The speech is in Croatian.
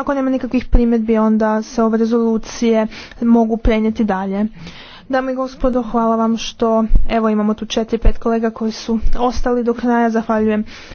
Ako nema nikakvih primjedbi, onda se ove rezolucije mogu prenijeti dalje. Dame i gospodo, hvala vam što evo imamo tu četiri, pet kolega koji su ostali do kraja. Zahvaljujem